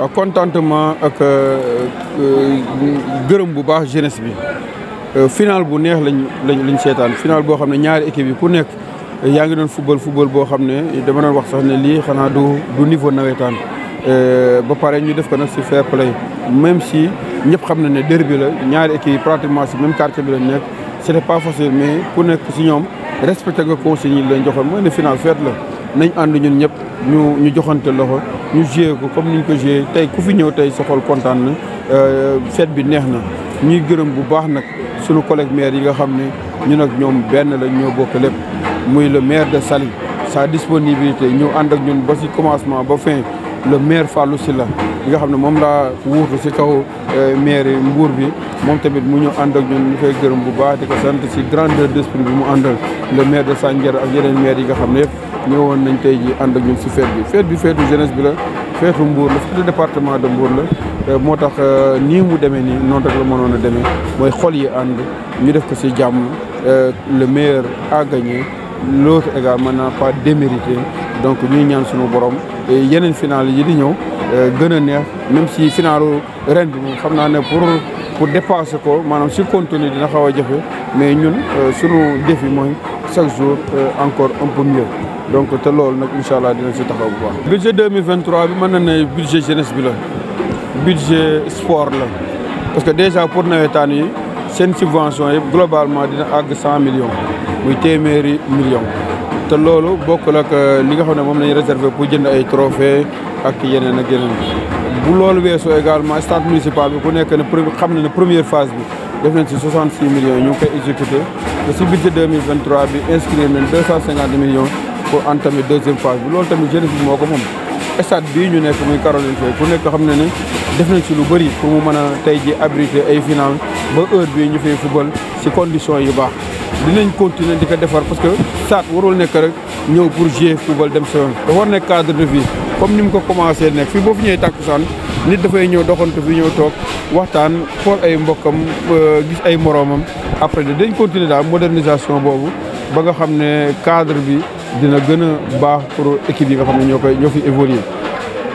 waaw contentement ak euh, euh, gërëm bu baax jeunesse bi euh, final bu neex lañ lañ lañ seetaan final boo xam ne ñaari équipe yi ku nekk yaa ngi doon football football boo xam ne dama doon wax sax ne lii xanaa du du niveau nawetaan ba pare ñu def ko nag si fair play même si ñëpp xam na ne derby la ñaari équipe yi pratiquement si même quartier bi lañ nekk c'était pas facile mais ku nekk si ñoom respecté nga consignes yi lañ joxoon mooy ne final fête la. nañ ànd ñun ñëpp ñu ñu joxante loxo ñu joué ko comme niñ ko joué tey ku fi ñëw tey sa xol kontaan na euh, fête bi neex na ñuy gërëm bu baax nag sunu collègue maire yi nga xam ne ñun ak ñoom benn la ñoo bokk lépp muy le maire de Saly sa disponibilité ñu ànd ak ñun ba si commencement ba fin le maire Fallou Sylla li nga xam ne moom laa wuutu ci kaw euh, maire Mbour bi moom tamit mu ñu ànd ak ñun ñu koy gërëm bu baax di ko sant ci grandeur d'esprit bi mu àndal le maire de Sandiara ak yeneen maire yi nga xam ne yëpp ñëwoon nañ tey ji ànd ak ñun si fête bi fête bi feetu jeunesse bi la feetu Mbour la feetu département de Mbour la euh, moo tax euh, nii mu demee nii noonu rek la manoon a demee mooy xol yi ànd ñu def ko si jàmm euh, le meilleur a gagné l'autre également n'a pas démérité donc ñuy ñaan suñu borom yeneen final yi di ñëw gën a neex même si finalu ren bi moom xam naa ne pour pour dépasser ko maanaam si contenu dina xaw a jafe mais ñun suñu défi mooy chaque jour euh, encore un peu mieux donc c'est ce que nous Le budget 2023 c'est le budget jeunesse Le budget sport parce que déjà pour 9 c'est subvention globalement de 100 millions Nous millions million. loolu nous euh, li réservé pour les trophées. municipal bi ku première phase def nañ si 66 millions ñu ngi koy exécuté te si budget 2023 bi inscrire nañ 250 millions pour entamer deuxième phase bi loolu tamit jeunesse moo ko moom stade bii ñu nekk muy Caroline Faye ku nekk xam ne ne def nañ si lu bëri pour mu mën a tey ji abriter ay final ba heure bii ñu fay football si condition yi baax dinañ continuer di ko defar parce que sat warul nekk rek ñëw pour jouer football dem sa yoon dafa war de vie comme ni mu ko commencé nekk fii boo fi ñëwee tàkkusaan nit dafay ñëw doxantu fi ñëw toog waxtaan xool ay mbokkam gis ay moroomam après de dañ continuer daal modernisation boobu ba nga xam ne cadre bi dina gën a baax pour équipe yi nga xam ne ñoo koy ñoo fi évoluer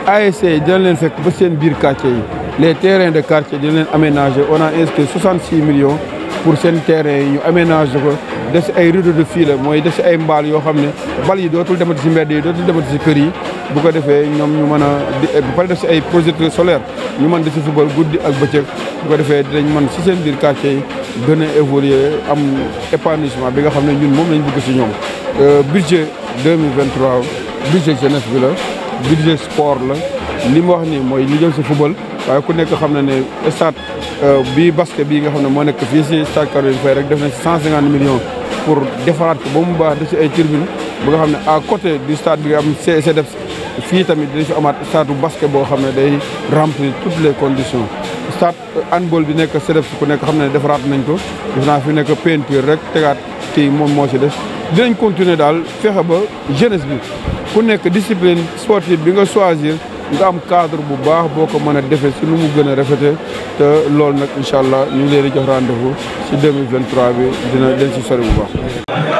ASC dina leen fekk ba seen biir quartier yi les terrains de quartier dina leen aménager on a inscrit 66 millions pour seen terrain yi ñu aménager ko def si ay rideau de file mooy def si ay mbaal yoo xam ne bal yi dootul demati si mbedd yi dootul demati si kër yi bu ko defee ñoom ñu mën a di ba def si ay projecteurs solaires ñu man di si football guddi ak bëccëg bu ko defee dinañ mën si seen biir quartier yi gën a évoluer am épanouissement bi nga xam ne ñun moom lañ bëgg si ñoom. Euh, budget 2023 budget jeunesse bi la budget sport la li mu wax nii mooy ñu jël si football waaye ku nekk xam ne ne stade euh, bii basket bi nga xam ne moo nekk fii si stade Caroline Faye rek def nañ si 150 millions pour defaraat ko ba mu baax def si ay tribune ba nga xam ne à côté du bi nga am CDEPS. fii tamit dina fi amaat stade basket boo xam ne day remplir toutes les conditions stade euh, handball bi nekk fu ku nekk xam ne defaraat nañ ko def naa fi nekk peinture rek tegaat kii moom moo ci def dinañ continuer daal fexe ba jeunesse bi ku nekk discipline sportive bi nga choisir nga am cadre bu baax boo ko mën a defee si nu mu gën a rafetee te loolu nag incha allah ñu ngi leen di jox rendez-vous si 2023 bi dina leen si sori bu baax.